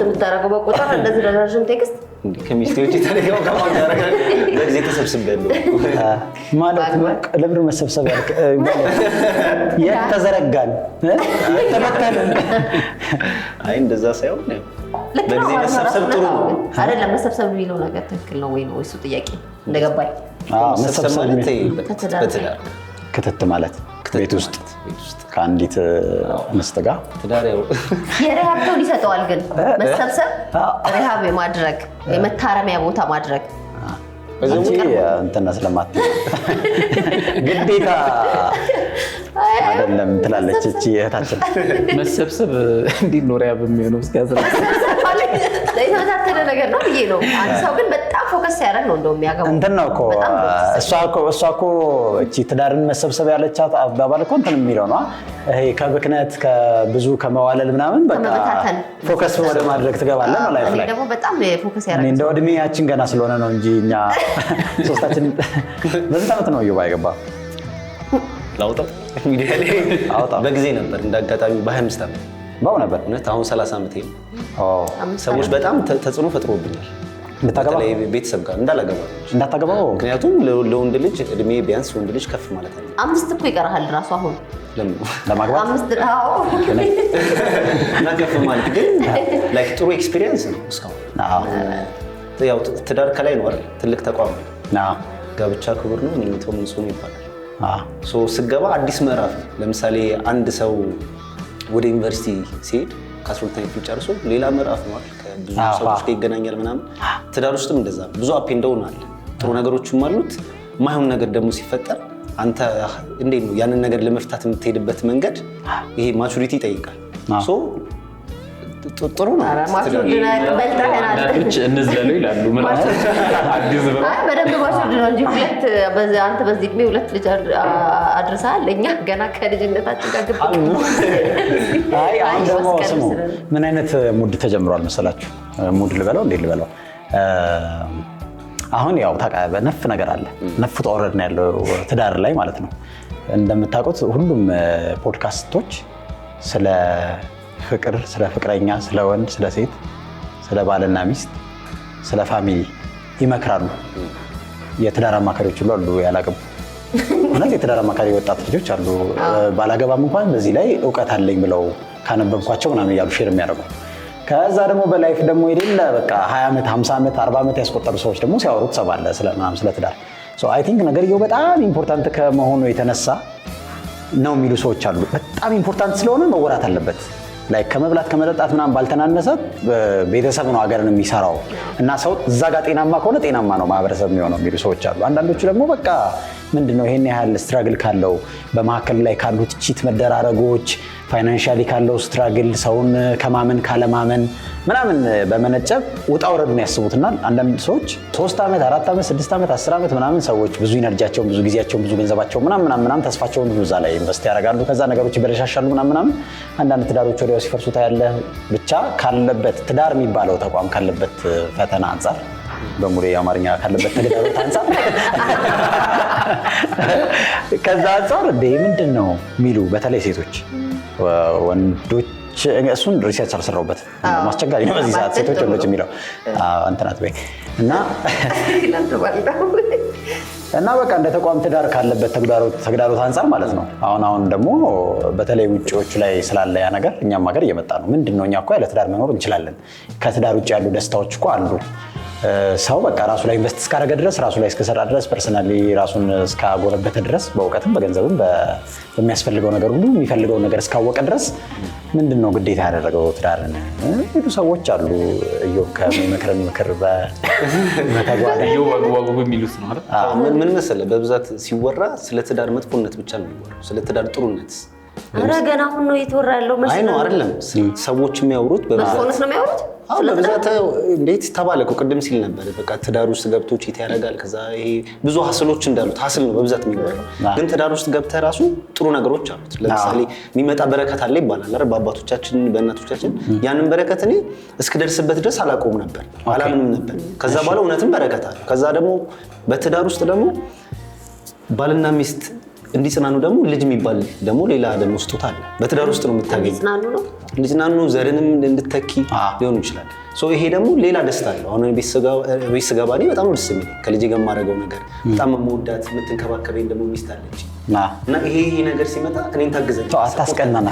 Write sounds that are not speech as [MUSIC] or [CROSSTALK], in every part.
የምታደርገው በቁጥር እንደዚህ ረዣዥም ቴክስት ከሚስቴ ውጭ ለጊዜ ተሰብስቤያለሁ ማለት ለብር መሰብሰብ የተዘረጋን የተበተንን። አይ እንደዛ ሳይሆን ለጊዜ መሰብሰብ ጥሩ ነው አይደለም። መሰብሰብ የሚለው ነገር ትክክል ነው ወይ ነው እሱ ጥያቄ እንደገባኝ። መሰብሰብ ማለት ክትት ማለት ቤት ውስጥ ከአንዲት እንስት ጋር የረሃብ ተው ሊሰጠዋል። ግን መሰብሰብ ረሃብ የማድረግ የመታረሚያ ቦታ ማድረግ እንትና ስለማት ግዴታ አይደለም ትላለች እቺ እህታችን። መሰብሰብ እንዴት ነው ረሃብ የሚሆነው? ነገር ነው ብዬ ነው። አንድ ሰው ግን ፎከስ ያደረግ ነው እንደው የሚያገባው እንትን ነው እኮ እሷ እኮ እቺ ትዳርን መሰብሰብ ያለቻት አባባል እኮ እንትን የሚለው ነው። ይሄ ከብክነት ከብዙ ከመዋለል ምናምን በቃ ፎከስ ወደ ማድረግ ትገባለህ ነው ላይፍ ላይ ደግሞ በጣም ፎከስ ያደረግ እንደ ያችን ገና ስለሆነ ነው እንጂ እኛ [LAUGHS] ሶስታችን በዚህ ዓመት ነው እየባ አይገባ ላውጣው በጊዜ ነበር እንዳጋጣሚ በ25 ዓመት ባው ነበር እውነት አሁን 30 ዓመት ሰዎች በጣም ተጽዕኖ ፈጥሮብኛል። ቤተሰብ ጋር እንዳላገባ እንዳታገባ። ምክንያቱም ለወንድ ልጅ እድሜ ቢያንስ ወንድ ልጅ ከፍ ማለት አለ። አምስት እኮ ይቀርሃል ራሱ አሁን ከፍ ማለት ግን ጥሩ ኤክስፒሪየንስ ነው። እስካሁን ያው ትዳር ከላይ ነው አይደል? ትልቅ ተቋም ነው። ጋብቻ ክቡር ነው። ይባላል። ስገባ አዲስ ምዕራፍ ለምሳሌ አንድ ሰው ወደ ዩኒቨርሲቲ ሲሄድ ከአስራ ክፍል ጨርሶ ሌላ ምዕራፍ ነው ብዙ ሰዎች ጋር ይገናኛል ምናምን። ትዳር ውስጥም እንደዛ ብዙ አፕ ኤንድ አለ። ጥሩ ነገሮችም አሉት። ማይሆን ነገር ደግሞ ሲፈጠር አንተ እንዴት ነው ያንን ነገር ለመፍታት የምትሄድበት መንገድ? ይሄ ማቹሪቲ ይጠይቃል። ጥሩ ነው። እንዝለለው ይላሉ። በደንብ ማስወርድ ነው እንጂ ሁለት አንተ በዚህ ዕድሜ ሁለት ልጅ አድርሰሃል። እኛ ገና ከልጅነታችን ጋር ምን አይነት ሙድ ተጀምሯል መሰላችሁ? ሙድ ልበለው እንዴት ልበለው? አሁን ያው ነፍ ነገር አለ። ነፍ ጦረድ ነው ያለው ትዳር ላይ ማለት ነው። እንደምታውቁት ሁሉም ፖድካስቶች ስለ ፍቅር፣ ስለ ፍቅረኛ፣ ስለ ወንድ፣ ስለ ሴት፣ ስለ ባልና ሚስት፣ ስለ ፋሚሊ ይመክራሉ። የትዳር አማካሪዎች ሁሉ አሉ ያላገቡ። እውነት የትዳር አማካሪ ወጣት ልጆች አሉ። ባላገባም እንኳን በዚህ ላይ እውቀት አለኝ ብለው ካነበብኳቸው ምናምን እያሉ ሼር የሚያደርጉ ከዛ ደግሞ በላይፍ ደግሞ የሌለ በቃ 20 ዓመት 50 ዓመት 40 ዓመት ያስቆጠሩ ሰዎች ደግሞ ሲያወሩ ትሰማለህ ስለምናምን ስለ ትዳር አይ ቲንክ ነገርየው በጣም ኢምፖርታንት ከመሆኑ የተነሳ ነው የሚሉ ሰዎች አሉ። በጣም ኢምፖርታንት ስለሆነ መወራት አለበት። ላይ ከመብላት ከመጠጣት ምናምን ባልተናነሰ ቤተሰብ ነው ሀገርን የሚሰራው እና ሰው እዛ ጋር ጤናማ ከሆነ ጤናማ ነው ማህበረሰብ የሚሆነው የሚሉ ሰዎች አሉ። አንዳንዶቹ ደግሞ በቃ ምንድን ነው ይሄን ያህል ስትራግል ካለው በመካከል ላይ ካሉት ቺት መደራረጎች፣ ፋይናንሻሊ ካለው ስትራግል፣ ሰውን ከማመን ካለማመን ምናምን በመነጨብ ውጣ ውረዱን ያስቡትና አንዳንድ ሰዎች ሶስት ዓመት አራት ዓመት ስድስት ዓመት አስር ዓመት ምናምን ሰዎች ብዙ ኢነርጂያቸውን ብዙ ጊዜያቸውን ብዙ ገንዘባቸውን ምናምን ምናምን ተስፋቸውን ብዙ እዛ ላይ ኢንቨስት ያደርጋሉ። ከዛ ነገሮች ይበለሻሻሉ ምናምን አንዳንድ ትዳሮች ወዲያው ሲፈርሱ ታያለህ። ብቻ ካለበት ትዳር የሚባለው ተቋም ካለበት ፈተና አንጻር በሙሉ የአማርኛ ካለበት ተግዳሮት አንጻር ከዛ አንጻር እንደ ምንድን ነው የሚሉ በተለይ ሴቶች ወንዶች እሱን ሪሰርች አልሰራሁበት አስቸጋሪ ነው። በዚህ ሰዓት ሴቶች ወንዶች የሚለው እንትናት እና እና በቃ እንደ ተቋም ትዳር ካለበት ተግዳሮት አንጻር ማለት ነው። አሁን አሁን ደግሞ በተለይ ውጭዎቹ ላይ ስላለ ያ ነገር እኛም ሀገር እየመጣ ነው። ምንድን ነው እኛ እኮ ያለ ትዳር መኖር እንችላለን። ከትዳር ውጭ ያሉ ደስታዎች እኮ አሉ ሰው በቃ ራሱ ላይ ኢንቨስት እስካደረገ ድረስ ራሱ ላይ እስከሰራ ድረስ ፐርሰናሊ ራሱን እስካጎለበተ ድረስ በእውቀትም በገንዘብም በሚያስፈልገው ነገር ሁሉ የሚፈልገውን ነገር እስካወቀ ድረስ ምንድን ነው ግዴታ ያደረገው ትዳርን ብዙ ሰዎች አሉ። እዮ ከሚመክር ምክር በተጓዳዋጉ ምን መሰለህ በብዛት ሲወራ ስለ ትዳር መጥፎነት ብቻ ነው የሚወራው፣ ስለ ትዳር ጥሩነት ኧረ ገና አሁን ነው እየተወራ ያለው። አይ ነው አይደለም ሰዎች የሚያወሩት በብዛት ነው የሚያወሩት በብዛት እንዴት ተባለ እኮ ቅድም ሲል ነበር። በቃ ትዳር ውስጥ ገብቶ ቺት ያደርጋል። ከዛ ይሄ ብዙ ሀስሎች እንዳሉት ሀስል ነው በብዛት የሚባለው። ግን ትዳር ውስጥ ገብተህ ራሱ ጥሩ ነገሮች አሉት። ለምሳሌ የሚመጣ በረከት አለ ይባላል አይደል? በአባቶቻችን በእናቶቻችን ያንን በረከት እኔ እስክደርስበት ድረስ አላቆም ነበር አላምንም ነበር። ከዛ በኋላ እውነትም በረከት አለ። ከዛ ደግሞ በትዳር ውስጥ ደግሞ ባልና ሚስት እንዲጽናኑ ደግሞ ልጅ የሚባል ደግሞ ሌላ ደግሞ ስጦታ አለ። በትዳር ውስጥ ነው የምታገኝ። እንዲጽናኑ ዘርንም እንድተኪ ሊሆኑ ይችላል። ይሄ ደግሞ ሌላ ደስታ አለው። አሁን ቤት ስገባ በጣም ደስ የሚለኝ ከልጅ ጋር የማደርገው ነገር በጣም የምወዳት የምትንከባከበኝ ደግሞ ሚስት አለች እና ይሄ ይሄ ነገር ሲመጣ እኔን ታግዘኝ። አታስቀናና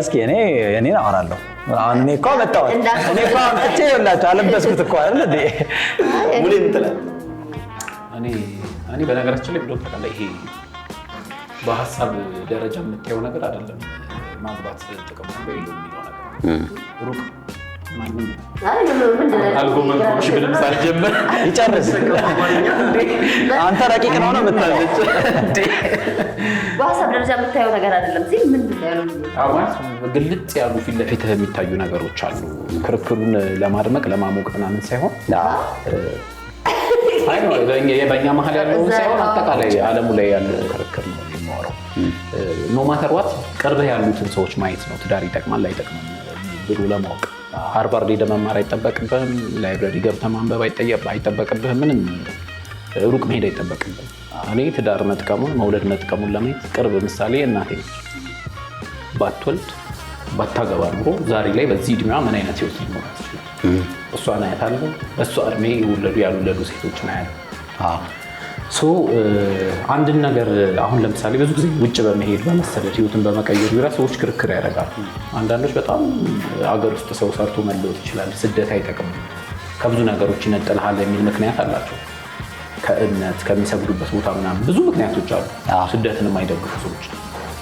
እስኪ እኔ እኔን አወራለሁ። አሁን እኔ እኮ መጣሁት እኔ እኮ መጥቼ ይኸውላችሁ አለበስኩት እኮ አይደል እንዴ እኔ እኔ በነገራችን ላይ ብሎ ጠቃላይ ይሄ በሀሳብ ደረጃ የምታየው ነገር አይደለም። ማግባት ጥቅም ነው አልጎመንኩሽ ብልም ሳልጀምር ይጨርስ። አንተ ረቂቅ ነው ነው በሀሳብ ደረጃ የምታየው ነገር አይደለም። ግልጽ ያሉ ፊት ለፊት የሚታዩ ነገሮች አሉ። ክርክሩን ለማድመቅ ለማሞቅ ምናምን ሳይሆን በእኛ መሀል ያለውን ሳይሆን አጠቃላይ አለሙ ላይ ያለ ክርክር ነው። ኖማተርዋት ቅርብህ ያሉትን ሰዎች ማየት ነው። ትዳር ይጠቅማል ላይጠቅምም ብሎ ለማወቅ ሃርቫርድ ሄደህ መማር አይጠበቅብህም። ላይብረሪ ገብተ ማንበብ አይጠበቅብህም። ምንም ሩቅ መሄድ አይጠበቅብህም። እኔ ትዳር መጥቀሙን መውለድ መጥቀሙን ለማየት ቅርብ ምሳሌ እናቴ ነች። ባትወልድ ባታገባ ኑሮ ዛሬ ላይ በዚህ እድሜዋ ምን አይነት ህይወት ሊኖራ ይችላል? እሷን አያታለሁ። በእሷ እድሜ የወለዱ ያልወለዱ ሴቶችን አያለሁ። ሶ አንድን ነገር አሁን ለምሳሌ ብዙ ጊዜ ውጭ በመሄድ በመሰደድ ህይወትን በመቀየር ዙሪያ ሰዎች ክርክር ያደርጋሉ። አንዳንዶች በጣም አገር ውስጥ ሰው ሰርቶ መለወጥ ይችላል፣ ስደት አይጠቅም፣ ከብዙ ነገሮች ይነጥልሃል የሚል ምክንያት አላቸው። ከእምነት ከሚሰግዱበት ቦታ ምናምን ብዙ ምክንያቶች አሉ ስደትን የማይደግፉ ሰዎች።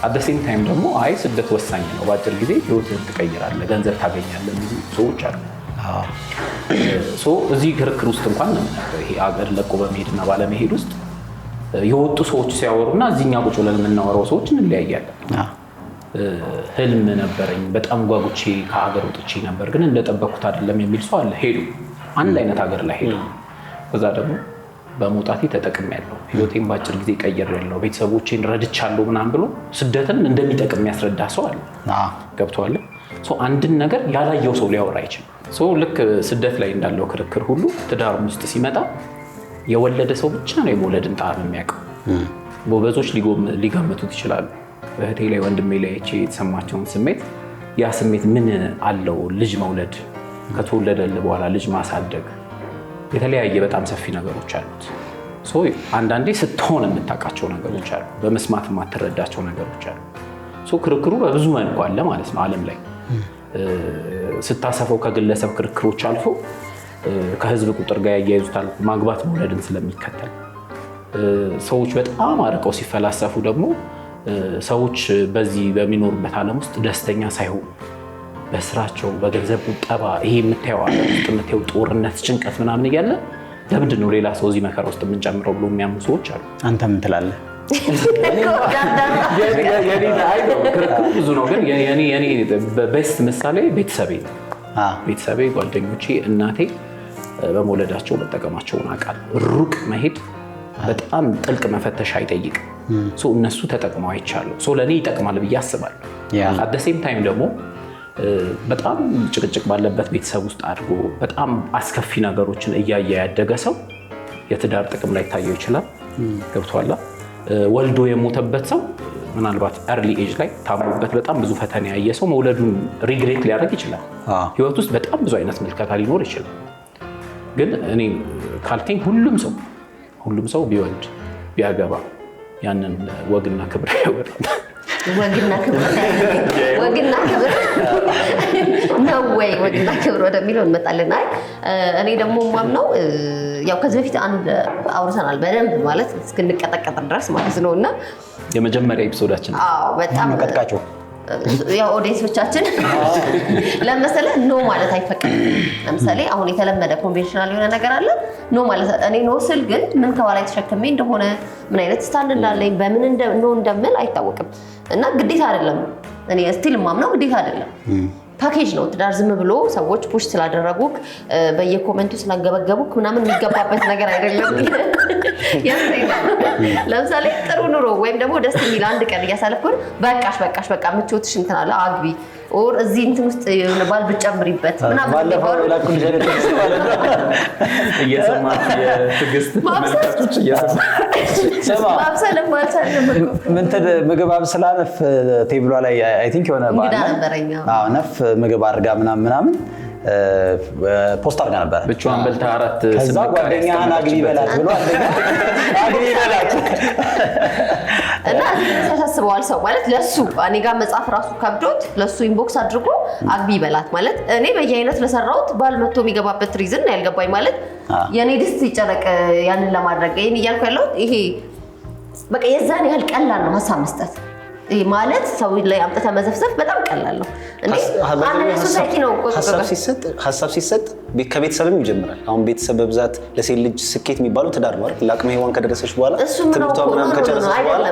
አደሴም ታይም ደግሞ አይ ስደት ወሳኝ ነው፣ በአጭር ጊዜ ህይወትን ትቀይራለህ፣ ገንዘብ ታገኛለህ የሚሉ ሰዎች አሉ። እዚህ ክርክር ውስጥ እንኳን ይሄ አገር ለቆ በመሄድና ባለመሄድ ውስጥ የወጡ ሰዎች ሲያወሩና እዚህኛ ቁጭ ብለን የምናወራው ሰዎች እንለያያለን። ህልም ነበረኝ በጣም ጓጉቼ ከሀገር ወጥቼ ነበር፣ ግን እንደጠበኩት አይደለም የሚል ሰው አለ። ሄዱ አንድ አይነት ሀገር ላይ ሄዱ። ከዛ ደግሞ በመውጣቴ ተጠቅም ያለው ህይወቴን በአጭር ጊዜ ቀየር ያለው ቤተሰቦቼን ረድቻለሁ ምናምን ብሎ ስደትን እንደሚጠቅም የሚያስረዳ ሰው አለ። ገብተዋለ አንድን ነገር ያላየው ሰው ሊያወራ አይችልም። ልክ ስደት ላይ እንዳለው ክርክር ሁሉ ትዳርም ውስጥ ሲመጣ የወለደ ሰው ብቻ ነው የመውለድን ጣዕም የሚያውቀው። ጎበዞች ሊገምቱት ይችላሉ። እህቴ ላይ ወንድሜ ላይ ቼ የተሰማቸውን ስሜት ያ ስሜት ምን አለው ልጅ መውለድ ከተወለደ በኋላ ልጅ ማሳደግ የተለያየ በጣም ሰፊ ነገሮች አሉት። አንዳንዴ ስትሆን የምታውቃቸው ነገሮች አሉ፣ በመስማት የማትረዳቸው ነገሮች አሉ። ክርክሩ በብዙ መልኩ አለ ማለት ነው ዓለም ላይ ስታሰፈው ከግለሰብ ክርክሮች አልፎ ከህዝብ ቁጥር ጋር ያያይዙታል። ማግባት መውለድን ስለሚከተል ሰዎች በጣም አርቀው ሲፈላሰፉ ደግሞ ሰዎች በዚህ በሚኖሩበት ዓለም ውስጥ ደስተኛ ሳይሆኑ በስራቸው በገንዘብ ቁጠባ ይሄ የምታየው ዓለም ውስጥ የምታየው ጦርነት፣ ጭንቀት ምናምን እያለ ለምንድን ነው ሌላ ሰው እዚህ መከራ ውስጥ የምንጨምረው ብሎ የሚያምኑ ሰዎች አሉ። አንተ ምን ትላለህ? ክርክሩ ብዙ ነው፣ ግን በቤስት ምሳሌ ቤተሰቤ ቤተሰቤ፣ ጓደኞቼ፣ እናቴ በመውለዳቸው መጠቀማቸውን አውቃለሁ። ሩቅ መሄድ በጣም ጥልቅ መፈተሽ አይጠይቅም። እነሱ ተጠቅመው አይቻለሁ። ለእኔ ይጠቅማል ብዬ አስባለሁ። አደሴም ታይም ደግሞ በጣም ጭቅጭቅ ባለበት ቤተሰብ ውስጥ አድጎ በጣም አስከፊ ነገሮችን እያየ ያደገ ሰው የትዳር ጥቅም ላይ ታየው ይችላል። ገብቶሃል? ወልዶ የሞተበት ሰው ምናልባት ኤርሊ ኤጅ ላይ ታሞበት በጣም ብዙ ፈተና ያየ ሰው መውለዱን ሪግሬት ሊያደርግ ይችላል። ህይወት ውስጥ በጣም ብዙ አይነት ምልከታ ሊኖር ይችላል። ግን እኔ ካልከኝ ሁሉም ሰው ሁሉም ሰው ቢወልድ ቢያገባ ያንን ወግና ክብር [LAUGHS] ያወራል። ወግና ክብር [LAUGHS] ወግና ክብር ነው ወይ ወግና ክብር ወደሚለው እንመጣለን። አይ እኔ ደግሞ ማምነው ያው ከዚህ በፊት አንድ አውርተናል በደንብ ማለት እስክንቀጠቀጥ ድረስ ማለት ነው እና የመጀመሪያ ኤፒሶዳችን በጣም ያው ኦዲየንሶቻችን ኖ ማለት አይፈቀድም። ለምሳሌ አሁን የተለመደ ኮንቬንሽናል የሆነ ነገር አለ። ኖ ማለት እኔ ኖ ስል ግን ምን ከኋላ ተሸክሜ እንደሆነ ምን አይነት ስታንድ እንዳለኝ በምን ኖ እንደምል አይታወቅም። እና ግዴታ አይደለም እኔ ስቲል ማምነው ግዴታ አይደለም። ፓኬጅ ነው ትዳር። ዝም ብሎ ሰዎች ፑሽ ስላደረጉ በየኮመንቱ ስላንገበገቡ ምናምን የሚገባበት ነገር አይደለም። ለምሳሌ ጥሩ ኑሮ ወይም ደግሞ ደስ የሚል አንድ ቀን እያሳለፍኩን በቃሽ በቃሽ በቃ ምቾትሽ እንትን አለ አግቢ ኦር እዚህ እንትን ውስጥ የሆነ ባል ብጨምሪበት ምናምን ምግብ አብስላ ነፍ ቴብሏ ላይ አይ ቲንክ የሆነ ነፍ ምግብ አድርጋ ምናምን ምናምን ፖስት አድርጋ ነበረ። ብቻዋን በልታ አራት ከዛ ጓደኛህን አግቢ በላት ብሎ አግቢ በላት እና ያሳስበዋል። ሰው ማለት ለሱ እኔ ጋር መጻፍ ራሱ ከብዶት ለሱ ኢንቦክስ አድርጎ አግቢ በላት ማለት እኔ በየአይነት ለሰራሁት ባል መቶ የሚገባበት ሪዝን ያልገባኝ ማለት የእኔ ድስት ይጨረቅ ያንን ለማድረግ ይህን እያልኩ ያለሁት ይሄ በቃ የዛን ያህል ቀላል ነው ሀሳብ መስጠት ማለት ሰው ላይ አምጥተ መዘፍዘፍ በጣም ቀላል ነው። ሀሳብ ሲሰጥ ከቤተሰብም ይጀምራል። አሁን ቤተሰብ በብዛት ለሴት ልጅ ስኬት የሚባለው ትዳር ነው። ለአቅመ ሔዋን ከደረሰች በኋላ ትምህርቷ ምናምን ከጨረሰች በኋላ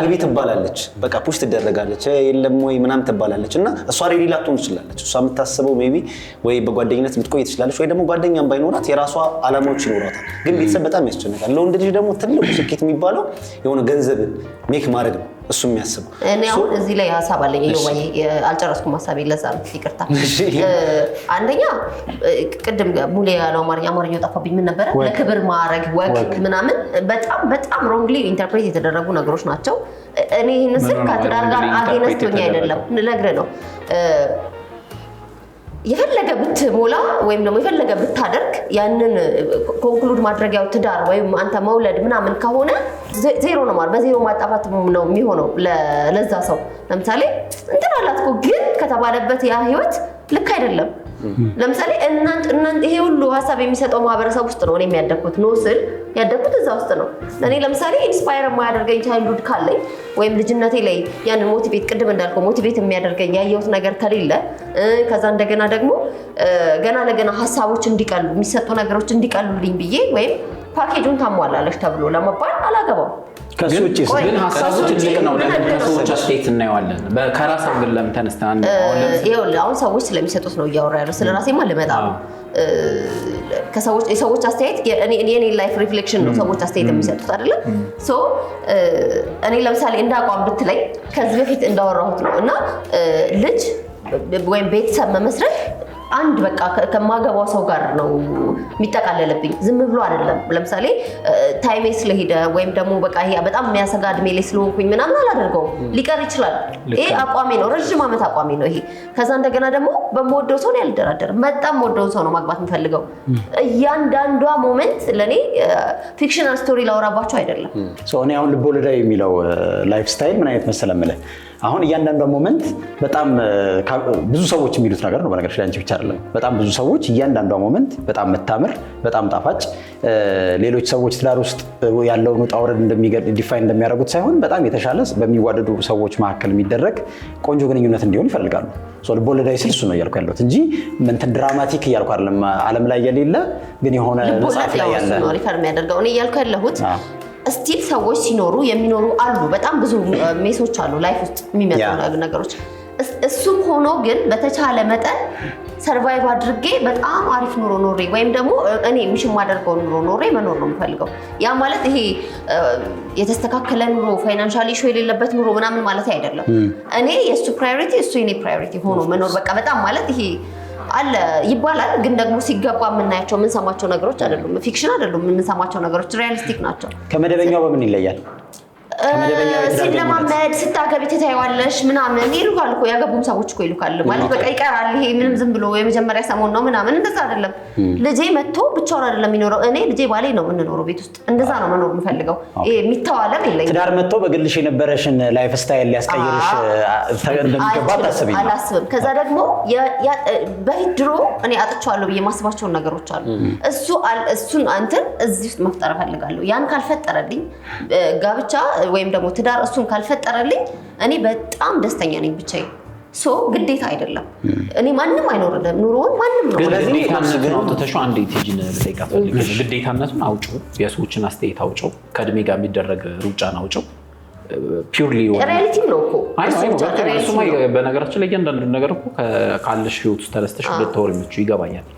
አግቢ ትባላለች። በቃ ፑሽ ትደረጋለች፣ የለም ወይ ምናምን ትባላለች። እና እሷ ሬዲ ላትሆን ትችላለች። እሷ የምታስበው ሜይ ቢ ወይ በጓደኝነት ልትቆይ ትችላለች፣ ወይ ደግሞ ጓደኛም ባይኖራት የራሷ አላማዎች ይኖሯታል። ግን ቤተሰብ በጣም ያስጨንቃል። ለወንድ ልጅ ደግሞ ትልቁ ስኬት የሚባለው የሆነ ገንዘብን ሜክ ማድረግ ነው እሱ የሚያስበው። እኔ አሁን እዚህ ላይ ሀሳብ አለኝ አልጨረስኩም፣ ሀሳብ ለዛ ነው ይቅርታ። አንደኛ ቅድም ሙሌ ያለው አማርኛ አማርኛው ጠፋብኝ። ምን ነበረ? ለክብር ማዕረግ፣ ወግ ምናምን በጣም በጣም ሮንግሊ ኢንተርፕሬት የተደረጉ ነገሮች ናቸው። እኔ ይህን ስል ከትዳር ጋር አጌነስቶኛ አይደለም፣ ልነግርህ ነው የፈለገ ብትሞላ ወይም ደግሞ የፈለገ ብታደርግ ያንን ኮንክሉድ ማድረጊያው ትዳር ወይም አንተ መውለድ ምናምን ከሆነ ዜሮ ነው ማለት በዜሮ ማጣፋት ነው የሚሆነው ለዛ ሰው። ለምሳሌ እንትን አላት እኮ ግን ከተባለበት ያ ህይወት ልክ አይደለም። ለምሳሌ እናንተ ይሄ ሁሉ ሀሳብ የሚሰጠው ማህበረሰብ ውስጥ ነው። እኔ የሚያደግኩት ነው ስል ያደግኩት እዛ ውስጥ ነው። እኔ ለምሳሌ ኢንስፓየር የማያደርገኝ ቻይልዱድ ካለኝ ወይም ልጅነቴ ላይ ያንን ሞቲቬት ቅድም እንዳልከው ሞቲቬት የሚያደርገኝ ያየሁት ነገር ከሌለ ከዛ እንደገና ደግሞ ገና ለገና ሀሳቦች እንዲቀሉ የሚሰጡ ነገሮች እንዲቀሉልኝ ብዬ ወይም ፓኬጁን ታሟላለች ተብሎ ለመባል አላገባም። ከሱ ውጭ ግን ሀሳቡ ትልቅ ነው። ከሰዎች አስተያየት እናየዋለን። ለምን ተነስተን አሁን ሰዎች ስለሚሰጡት ነው እያወራ ያለው። ስለ ራሴማ ልመጣ ነው። የሰዎች አስተያየት የኔ ላይፍ ሪፍሌክሽን ነው። ሰዎች አስተያየት የሚሰጡት አይደለም። እኔ ለምሳሌ እንደ አቋም ብትለኝ ከዚህ በፊት እንዳወራሁት ነው እና ልጅ ወይም ቤተሰብ መመስረት አንድ በቃ ከማገባው ሰው ጋር ነው የሚጠቃለልብኝ። ዝም ብሎ አይደለም። ለምሳሌ ታይሜ ስለሄደ ወይም ደግሞ በቃ ይሄ በጣም የሚያሰጋ እድሜ ላይ ስለሆንኩኝ ምናምን አላደርገውም። ሊቀር ይችላል። ይሄ አቋሜ ነው፣ ረዥም ዓመት አቋሜ ነው ይሄ። ከዛ እንደገና ደግሞ በምወደው ሰው ነው ያልደራደርም። በጣም የምወደውን ሰው ነው ማግባት የምፈልገው። እያንዳንዷ ሞመንት ለእኔ ፊክሽናል ስቶሪ ላውራባቸው አይደለም። እኔ አሁን ልቦለዳዊ የሚለው ላይፍ ስታይል ምን አይነት መሰለህ የምልህ አሁን እያንዳንዷ ሞመንት በጣም ብዙ ሰዎች የሚሉት ነገር ነው። በነገር አንቺ ብቻ አይደለም። በጣም ብዙ ሰዎች እያንዳንዷ ሞመንት በጣም መታምር፣ በጣም ጣፋጭ፣ ሌሎች ሰዎች ትዳር ውስጥ ያለውን ውጣ ውረድ ዲፋይን እንደሚያደርጉት ሳይሆን በጣም የተሻለ በሚዋደዱ ሰዎች መካከል የሚደረግ ቆንጆ ግንኙነት እንዲሆን ይፈልጋሉ። ልቦለዳዊ ስል እሱ ነው እያልኩ ያለሁት እንጂ እንትን ድራማቲክ እያልኩ አይደለም። ዓለም ላይ የሌለ ግን የሆነ መጽሐፍ ላይ ያለ ሪፈር የሚያደርገው እያልኩ ያለሁት እስቲል ሰዎች ሲኖሩ የሚኖሩ አሉ። በጣም ብዙ ሜሶች አሉ ላይፍ ውስጥ የሚመጡ ነገሮች። እሱም ሆኖ ግን በተቻለ መጠን ሰርቫይቭ አድርጌ በጣም አሪፍ ኑሮ ኖሬ ወይም ደግሞ እኔ ምሽ የማደርገውን ኑሮ ኖሬ መኖር ነው የምፈልገው። ያ ማለት ይሄ የተስተካከለ ኑሮ ፋይናንሻል ኢሹ የሌለበት ኑሮ ምናምን ማለት አይደለም። እኔ የእሱ ፕራዮሪቲ እሱ የኔ ፕራዮሪቲ ሆኖ መኖር በቃ በጣም ማለት ይሄ አለ ይባላል። ግን ደግሞ ሲገባ የምናያቸው የምንሰማቸው ነገሮች አይደሉም፣ ፊክሽን አይደሉም። የምንሰማቸው ነገሮች ሪያሊስቲክ ናቸው። ከመደበኛው በምን ይለያል? ሲለማመድ ስታገቢ ትታይዋለሽ ምናምን ይሉካል እኮ ያገቡም ሰዎች እኮ ይሉካል። ማለት በቃ ይቀራል ይሄ ምንም ዝም ብሎ የመጀመሪያ ሰሞን ነው ምናምን፣ እንደዛ አይደለም። ልጄ መጥቶ ብቻውን አይደለም የሚኖረው። እኔ ልጄ ባሌ ነው የምንኖረው ቤት ውስጥ። እንደዛ ነው መኖር የምፈልገው። የሚተዋለም የለኝም። ትዳር መጥቶ በግልሽ የነበረሽን ላይፍ ስታይል ሊያስቀይርሽ እንደሚገባ አታስቢም? አላስብም። ከዛ ደግሞ በፊት ድሮ እኔ አጥቼዋለሁ ብዬ ማስባቸውን ነገሮች አሉ። እሱ እሱን እንትን እዚህ ውስጥ መፍጠር እፈልጋለሁ። ያን ካልፈጠረልኝ ጋብቻ ወይም ደግሞ ትዳር እሱን ካልፈጠረልኝ እኔ በጣም ደስተኛ ነኝ ብቻዬን። ሶ ግዴታ አይደለም። እኔ ማንም አይኖርልም ኑሮውን ማንም ነው። አንድ ቴጅን ልጠይቃት ግዴታነቱን አውጭው፣ የሰዎችን አስተያየት አውጭው፣ ከእድሜ ጋር የሚደረግ ሩጫን አውጭው። ፒውርሊ ሪያሊቲ ነው እኮ በነገራችን ላይ እያንዳንዱ ነገር እኮ ካለሽ ህይወት ውስጥ ተነስተሽ ልታወሪ የምትችይው ይገባኛል።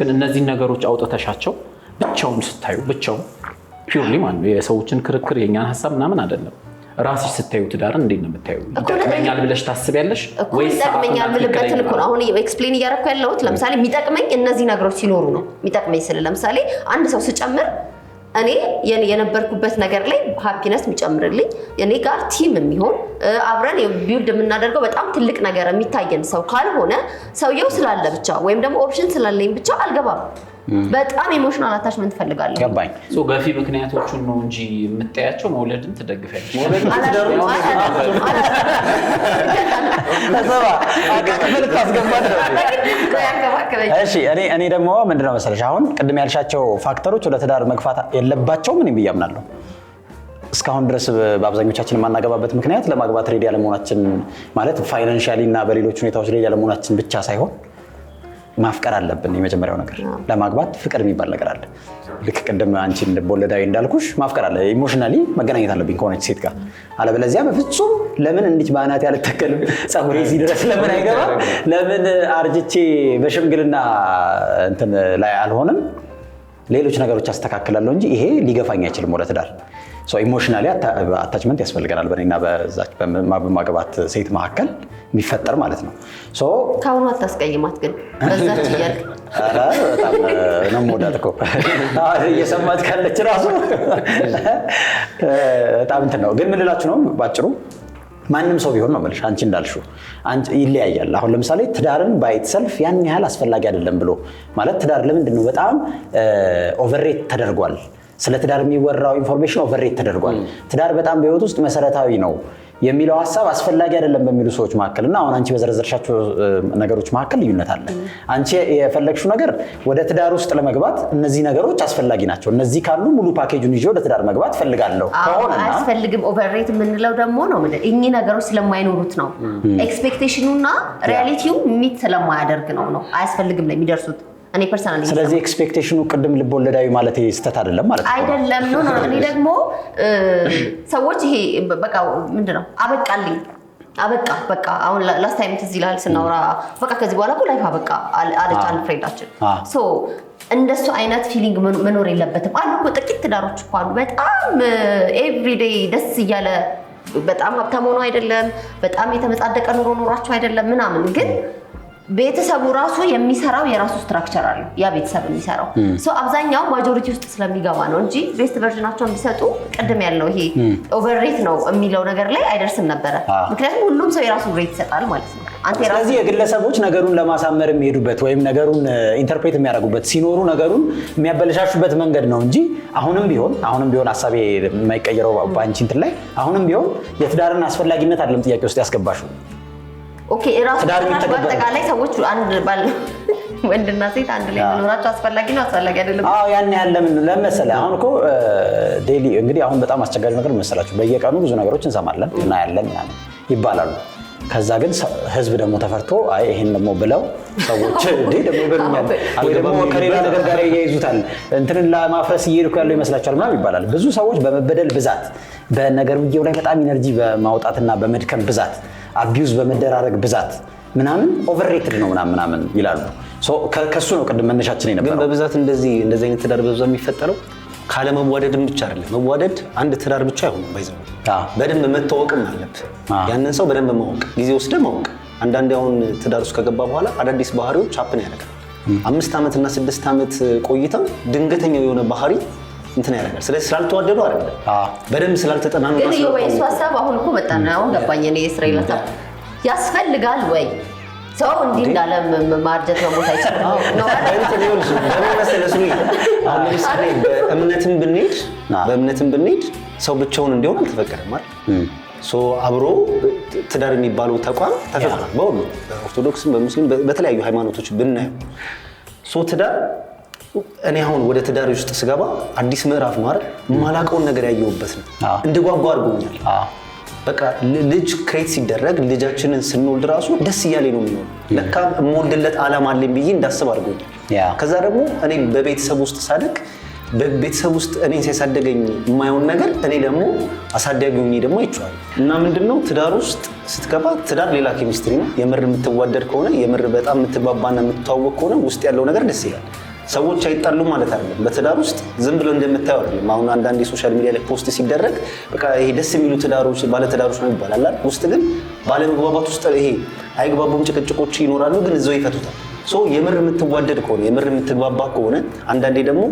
ግን እነዚህን ነገሮች አውጥተሻቸው ብቻውን ስታዩ ብቻውን ፒውርሊ ማለት ነው የሰዎችን ክርክር የእኛን ሀሳብ ምናምን አይደለም። ራስሽ ስታዩ ትዳርን እንዴት ነው የምታዩ? ይጠቅመኛል ብለሽ ታስቢያለሽ ይጠቅመኛል ብልበትን እኮ አሁን ኤክስፕሌን እያደረኩ ያለሁት ለምሳሌ የሚጠቅመኝ እነዚህ ነገሮች ሲኖሩ ነው የሚጠቅመኝ ስል ለምሳሌ አንድ ሰው ስጨምር እኔ የነበርኩበት ነገር ላይ ሀፒነስ የሚጨምርልኝ እኔ ጋር ቲም የሚሆን አብረን ቢውልድ የምናደርገው በጣም ትልቅ ነገር የሚታየን ሰው ካልሆነ ሰውየው ስላለ ብቻ ወይም ደግሞ ኦፕሽን ስላለኝ ብቻ አልገባም። በጣም ኢሞሽናል አታችመንት ፈልጋለሁ። ገባኝ። ገፊ ምክንያቶቹን ነው እንጂ የምታያቸው መውለድን ትደግፊያለሽ። እኔ ደግሞ ምንድነው መሰለሽ አሁን ቅድም ያልሻቸው ፋክተሮች ወደ ትዳር መግፋት የለባቸው ምን ብዬ አምናለሁ። እስካሁን ድረስ በአብዛኞቻችን የማናገባበት ምክንያት ለማግባት ሬዲ ያለመሆናችን ማለት ፋይናንሻሊ እና በሌሎች ሁኔታዎች ሬዲ ያለመሆናችን ብቻ ሳይሆን ማፍቀር አለብን። የመጀመሪያው ነገር ለማግባት ፍቅር የሚባል ነገር አለ። ልክ ቅድም አንቺ ልቦለዳዊ እንዳልኩሽ ማፍቀር አለ። ኢሞሽናሊ መገናኘት አለብኝ ከሆነች ሴት ጋር። አለበለዚያ በፍጹም ለምን እንዲች በአናት ያልተከልም ፀጉሬ እዚህ ድረስ ለምን አይገባም? ለምን አርጅቼ በሽምግልና እንትን ላይ አልሆንም? ሌሎች ነገሮች አስተካክላለሁ እንጂ ይሄ ሊገፋኝ አይችልም ወደ ትዳር ኢሞሽናሊ አታችመንት ያስፈልገናል። በእኔና በዛች በማግባት ሴት መካከል የሚፈጠር ማለት ነው። ከአሁኑ አታስቀይማት ግን በዛች [LAUGHS] እያልክ በጣም ነው የምወዳት እኮ እየሰማት ካለች ራሱ [LAUGHS] በጣም እንትን ነው። ግን ምን ልላችሁ ነው ባጭሩ ማንም ሰው ቢሆን ነው የምልሽ። አንቺ እንዳልሽው ይለያያል። አሁን ለምሳሌ ትዳርን ባይት ሰልፍ ያን ያህል አስፈላጊ አይደለም ብሎ ማለት ትዳር ለምንድን ነው በጣም ኦቨሬት ተደርጓል ስለ ትዳር የሚወራው ኢንፎርሜሽን ኦቨሬት ተደርጓል። ትዳር በጣም በህይወት ውስጥ መሰረታዊ ነው የሚለው ሀሳብ አስፈላጊ አይደለም በሚሉ ሰዎች መካከል እና አሁን አንቺ በዘረዘርሻቸው ነገሮች መካከል ልዩነት አለ። አንቺ የፈለግሽው ነገር ወደ ትዳር ውስጥ ለመግባት እነዚህ ነገሮች አስፈላጊ ናቸው። እነዚህ ካሉ ሙሉ ፓኬጁን ይዤ ወደ ትዳር መግባት ፈልጋለሁ ከሆነ አያስፈልግም። ኦቨርሬት የምንለው ደግሞ ነው እኚህ ነገሮች ስለማይኖሩት ነው። ኤክስፔክቴሽኑና ሪያሊቲው ሚት ስለማያደርግ ነው ነው አያስፈልግም ለሚደርሱት እኔ ፐርሰናል። ስለዚህ ኤክስፔክቴሽኑ ቅድም ልቦለዳዊ ማለት ስህተት አይደለም ማለት አይደለም። ኖ እኔ ደግሞ ሰዎች ይሄ በቃ ምንድን ነው አበቃልኝ አበቃ በቃ አሁን ላስት ታይም ትዝ ይልሃል ስናወራ በቃ ከዚህ በኋላ እኮ ላይፍ አበቃ አለች አንፍሬዳችን። እንደሱ አይነት ፊሊንግ መኖር የለበትም አሉ እኮ ጥቂት ትዳሮች እኮ አሉ በጣም ኤቭሪዴይ ደስ እያለ በጣም ሀብታም ሆኖ አይደለም በጣም የተመጻደቀ ኑሮ ኖሯቸው አይደለም ምናምን ግን ቤተሰቡ ራሱ የሚሰራው የራሱ ስትራክቸር አለው። ያ ቤተሰብ የሚሰራው አብዛኛው ማጆሪቲ ውስጥ ስለሚገባ ነው እንጂ ቤስት ቨርዥናቸውን ቢሰጡ ቅድም ያለው ይሄ ኦቨርሬት ነው የሚለው ነገር ላይ አይደርስም ነበረ። ምክንያቱም ሁሉም ሰው የራሱ ሬት ይሰጣል ማለት ነው። ስለዚህ የግለሰቦች ነገሩን ለማሳመር የሚሄዱበት ወይም ነገሩን ኢንተርፕሬት የሚያደርጉበት ሲኖሩ ነገሩን የሚያበለሻሹበት መንገድ ነው እንጂ አሁንም ቢሆን አሁንም ቢሆን ሀሳቤ የማይቀየረው በአንቺ እንትን ላይ አሁንም ቢሆን የትዳርን አስፈላጊነት አይደለም ጥያቄ ውስጥ ያስገባሽው ኦኬ እራሱ በአጠቃላይ ሰዎች አንድ ባል ወንድና ሴት አንድ ላይ መኖራቸው አስፈላጊ ነው አስፈላጊ አይደለም? አዎ ያን ያለ ምን ለመሰለህ አሁን እኮ ዴይሊ እንግዲህ አሁን በጣም አስቸጋሪ ነገር መሰላችሁ፣ በየቀኑ ብዙ ነገሮች እንሰማለን እናያለን ምናምን ይባላሉ ከዛ ግን ህዝብ ደግሞ ተፈርቶ ይህን ይሄን ደግሞ ብለው ሰዎች [LAUGHS] እንዴ ደግሞ ይበሉኛል ወይ ደግሞ ከሌላ ነገር ጋር ያይዙታል እንትንን ለማፍረስ እየሄድኩ ያለው ይመስላቸዋል ምናምን ይባላል። ብዙ ሰዎች በመበደል ብዛት፣ በነገር በነገርየው ላይ በጣም ኢነርጂ በማውጣትና በመድከም ብዛት፣ አቢዩዝ በመደራረግ ብዛት ምናምን ኦቨርሬትድ ነው ምናምን ምናምን ይላሉ። ከሱ ነው ቅድም መነሻችን የነበረው። ግን በብዛት እንደዚህ እንደዚህ አይነት ትዳር በብዛት የሚፈጠረው ካለ መዋደድም ብቻ አይደለም። መዋደድ አንድ ትዳር ብቻ አይሆንም። ባይዘው በደንብ መታወቅም አለብህ። ያንን ሰው በደንብ ማወቅ፣ ጊዜ ወስደህ ማወቅ። አንዳንዴ አሁን ትዳር ውስጥ ከገባ በኋላ አዳዲስ ባህሪዎች አፕን ያደርጋል። አምስት ዓመት እና ስድስት ዓመት ቆይተው ድንገተኛው የሆነ ባህሪ እንትን ያደርጋል። ስለዚህ ስላልተዋደዱ አይደለም በደንብ ስላልተጠናኑ ግን የወይሱ ሀሳብ አሁን እኮ መጣና አሁን ገባኝ እኔ እስራኤል ያስፈልጋል ወይ ሰው እንዲህ እንዳለ ማርጀት መሞት አይችልም። ለምሳሌ ብንሄድ በእምነትም ብንሄድ ሰው ብቻውን እንዲሆን አልተፈቀደም አይደል? አብሮ ትዳር የሚባለው ተቋም ተፈቅዷል። በሁሉ በኦርቶዶክስም በሙስሊም በተለያዩ ሃይማኖቶች ብናየው ትዳር እኔ አሁን ወደ ትዳር ውስጥ ስገባ አዲስ ምዕራፍ ማድረግ የማላውቀውን ነገር ያየሁበት ነው። እንድጓጓ አድርጎኛል። በቃ ልጅ ክሬት ሲደረግ ልጃችንን ስንወልድ ራሱ ደስ እያለ ነው የሚሆን። ለካ የምወልድለት አላማ አለኝ ብዬ እንዳስብ አድርጎኛል። ከዛ ደግሞ እኔ በቤተሰብ ውስጥ ሳደግ በቤተሰብ ውስጥ እኔን ሲያሳደገኝ የማየውን ነገር እኔ ደግሞ አሳዳጊ ሆኜ ደግሞ አይቼዋለሁ። እና ምንድነው ትዳር ውስጥ ስትገባ ትዳር ሌላ ኬሚስትሪ ነው። የምር የምትዋደድ ከሆነ የምር በጣም የምትባባና የምትተዋወቅ ከሆነ ውስጥ ያለው ነገር ደስ ይላል። ሰዎች አይጣሉ ማለት አይደለም። በትዳር ውስጥ ዝም ብሎ እንደምታየው አይደለም። አሁን አንዳንድ የሶሻል ሚዲያ ላይ ፖስት ሲደረግ በቃ ይሄ ደስ የሚሉ ትዳሮች ባለትዳሮች ነው ይባላል። ውስጥ ግን ባለመግባባት ውስጥ ይሄ አይግባቡም፣ ጭቅጭቆች ይኖራሉ፣ ግን እዛው ይፈቱታል። ሶ የምር የምትዋደድ ከሆነ የምር የምትግባባ ከሆነ አንዳንዴ ደግሞ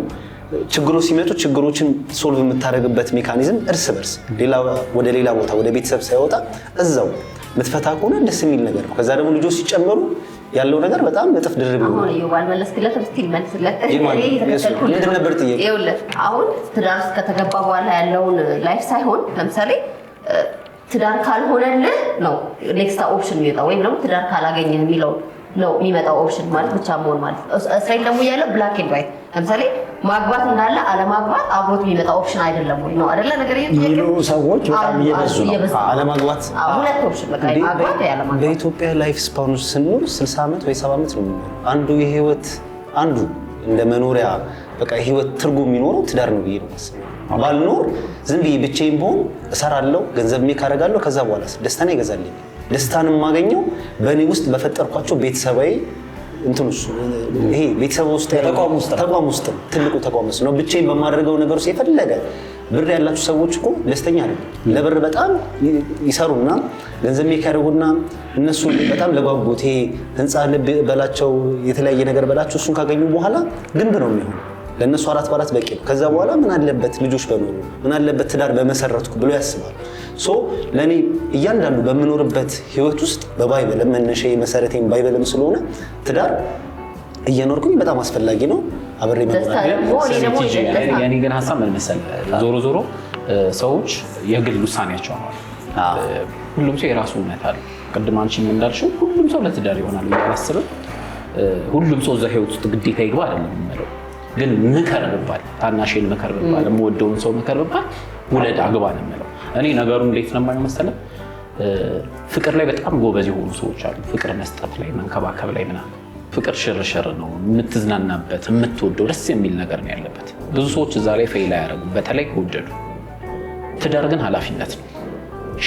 ችግሮች ሲመጡ ችግሮችን ሶልቭ የምታደርግበት ሜካኒዝም እርስ በርስ ወደ ሌላ ቦታ ወደ ቤተሰብ ሳይወጣ እዛው የምትፈታ ከሆነ ደስ የሚል ነገር ነው። ከዛ ደግሞ ልጆች ሲጨመሩ ያለው ነገር በጣም እጥፍ ድርብ ነው። ይሄ ነበር ጥያቄ። አሁን ትዳር ውስጥ ከተገባ በኋላ ያለውን ላይፍ ሳይሆን ለምሳሌ ትዳር ካልሆነልህ ነው ኔክስት ኦፕሽን የሚወጣው ወይም ደግሞ ትዳር ካላገኘህ የሚለው ነው የሚመጣው ኦፕሽን ማለት ብቻ መሆን ማለት እስራኤል ደግሞ እያለ ብላክ ኤንድ ዋይት ለምሳሌ ማግባት እንዳለ አለማግባት አብሮት የሚመጣ ኦፕሽን አይደለም ወይ ነው አይደለ? ነገር የሚሉ ሰዎች በጣም እየበዙ ነው። አለማግባት ሁለት ኦፕሽን በቃ ማግባት ያለማግባት። በኢትዮጵያ ላይፍ ስፓን ውስጥ ስንኖር 60 ዓመት ወይ 70 ዓመት ነው አንዱ የህይወት አንዱ እንደ መኖሪያ በቃ ህይወት ትርጉም የሚኖረው ትዳር ነው ብዬ ነው የማስበው። ባልኖር ዝም ብዬ ብቻዬን ብሆን እሰራለሁ፣ ገንዘብ ሜክ አደርጋለሁ። ከዛ በኋላ ደስታን ይገዛልኝ። ደስታን የማገኘው በእኔ ውስጥ በፈጠርኳቸው ቤተሰባዊ እንትን ውስጥ ይሄ ቤተሰብ ውስጥ ተቋም ውስጥ ተቋም ውስጥ ትልቁ ተቋም ውስጥ ነው። ብቻዬን በማደርገው ነገር ውስጥ የፈለገ ብር ያላችሁ ሰዎች እኮ ደስተኛ አይደል? ለብር በጣም ይሰሩና ገንዘብ የሚያደርጉና እነሱ በጣም ለጓጉት ይሄ ህንፃ ልብ በላቸው የተለያየ ነገር በላቸው እሱን ካገኙ በኋላ ግንብ ነው የሚሆነው። ለእነሱ አራት በአራት በቂ ነው። ከዛ በኋላ ምን አለበት ልጆች በመኖሩ ምን አለበት ትዳር በመሰረትኩ ብሎ ያስባል። ሶ ለእኔ እያንዳንዱ በምኖርበት ህይወት ውስጥ በባይበለም መነሻ መሰረቴም ባይበለም ስለሆነ ትዳር እየኖርኩኝ በጣም አስፈላጊ ነው። አብሬ የእኔ ግን ሀሳብ ምን መሰለህ፣ ዞሮ ዞሮ ሰዎች የግል ውሳኔያቸው ነው። ሁሉም ሰው የራሱ እውነት አለ። ቅድም አንቺም እንዳልሽው ሁሉም ሰው ለትዳር ይሆናል አላስብም። ሁሉም ሰው እዛ ህይወት ውስጥ ግዴታ ይግባ አይደለም የምለው ግን ምከር ብባል ታናሽን ምከር ብባል የምወደውን ሰው ምከር ብባል ውለድ አግባ ነው የምለው። እኔ ነገሩ እንዴት ነው የማየው መሰለህ፣ ፍቅር ላይ በጣም ጎበዝ የሆኑ ሰዎች አሉ። ፍቅር መስጠት ላይ መንከባከብ ላይ ምናምን። ፍቅር ሽርሽር ነው፣ የምትዝናናበት የምትወደው ደስ የሚል ነገር ነው ያለበት። ብዙ ሰዎች እዛ ላይ ፌል ያደረጉ በተለይ ከወደዱ። ትዳር ግን ኃላፊነት ነው፣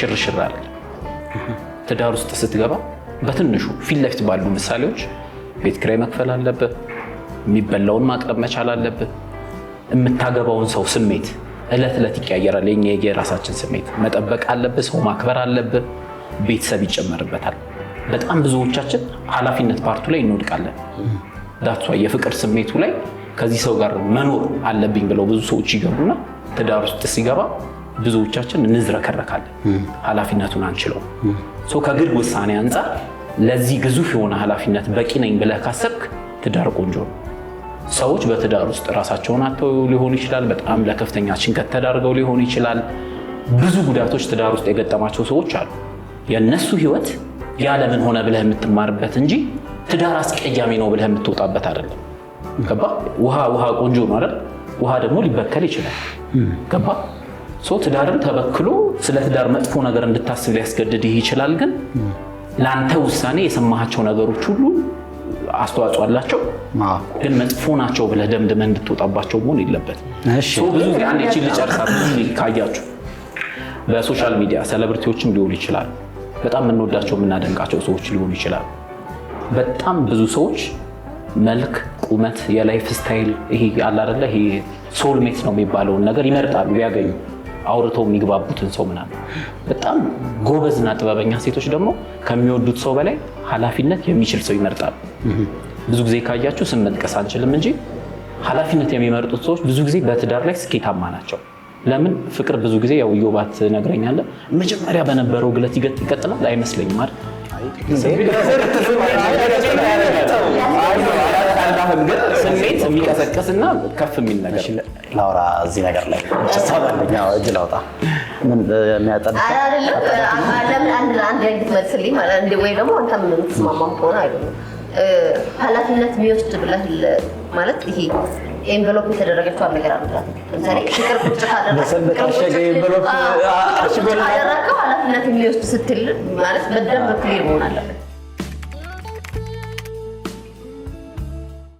ሽርሽር አለ። ትዳር ውስጥ ስትገባ በትንሹ ፊት ለፊት ባሉ ምሳሌዎች ቤት ኪራይ መክፈል አለበት የሚበላውን ማቅረብ መቻል አለብን። የምታገባውን ሰው ስሜት እለት እለት ይቀያየራል። የኛ የራሳችን ስሜት መጠበቅ አለብህ። ሰው ማክበር አለብህ። ቤተሰብ ይጨመርበታል። በጣም ብዙዎቻችን ኃላፊነት ፓርቱ ላይ እንወድቃለን። ዳቷ የፍቅር ስሜቱ ላይ ከዚህ ሰው ጋር መኖር አለብኝ ብለው ብዙ ሰዎች ይገቡና ትዳር ውስጥ ሲገባ ብዙዎቻችን እንዝረከረካለን። ኃላፊነቱን አንችለው። ከግል ውሳኔ አንጻር ለዚህ ግዙፍ የሆነ ኃላፊነት በቂ ነኝ ብለህ ካሰብክ ትዳር ቆንጆ ነው። ሰዎች በትዳር ውስጥ ራሳቸውን አጥተው ሊሆን ይችላል። በጣም ለከፍተኛ ጭንቀት ተዳርገው ሊሆን ይችላል። ብዙ ጉዳቶች ትዳር ውስጥ የገጠማቸው ሰዎች አሉ። የእነሱ ህይወት ያለምን ሆነ ብለህ የምትማርበት እንጂ ትዳር አስቀያሚ ነው ብለህ የምትወጣበት አይደለም። ገባ? ውሃ ውሃ ቆንጆ ነው አይደል? ውሃ ደግሞ ሊበከል ይችላል። ገባ? ትዳርም ተበክሎ ስለ ትዳር መጥፎ ነገር እንድታስብ ሊያስገድድህ ይችላል። ግን ለአንተ ውሳኔ የሰማሃቸው ነገሮች ሁሉ አስተዋጽኦ አላቸው፣ ግን መጥፎ ናቸው ብለህ ደምድመ እንድትወጣባቸው መሆን የለበትም። ብዙ ጊዜ አንድ ልጨርሳ ካያችሁ በሶሻል ሚዲያ ሴሌብሪቲዎችም ሊሆኑ ይችላሉ፣ በጣም የምንወዳቸው የምናደንቃቸው ሰዎች ሊሆኑ ይችላሉ። በጣም ብዙ ሰዎች መልክ፣ ቁመት፣ የላይፍ ስታይል ይሄ አለ አይደለ ይሄ ሶልሜት ነው የሚባለውን ነገር ይመርጣሉ ቢያገኙ አውርተው የሚግባቡትን ሰው ምናምን። በጣም ጎበዝና ጥበበኛ ሴቶች ደግሞ ከሚወዱት ሰው በላይ ኃላፊነት የሚችል ሰው ይመርጣሉ። ብዙ ጊዜ ካያችሁ ስም መጥቀስ አንችልም እንጂ ኃላፊነት የሚመርጡት ሰዎች ብዙ ጊዜ በትዳር ላይ ስኬታማ ናቸው። ለምን? ፍቅር ብዙ ጊዜ ያው ዮባት ነግረኛለ መጀመሪያ በነበረው ግለት ይቀጥላል አይመስለኝም አይደል? በራህም ግን ስሜት የሚቀሰቀስና ከፍ የሚል ነገር ላውራ እዚህ ነገር ላይ እጅ ላውጣ ወይ ደግሞ አይ ኃላፊነት የሚወስድ ብለህ ማለት ይሄ ኤንቨሎፕ የተደረገችው ነገር አላት። ለምሳሌ ኃላፊነት የሚወስድ ስትል ማለት በደንብ ክሊር መሆን አለበት።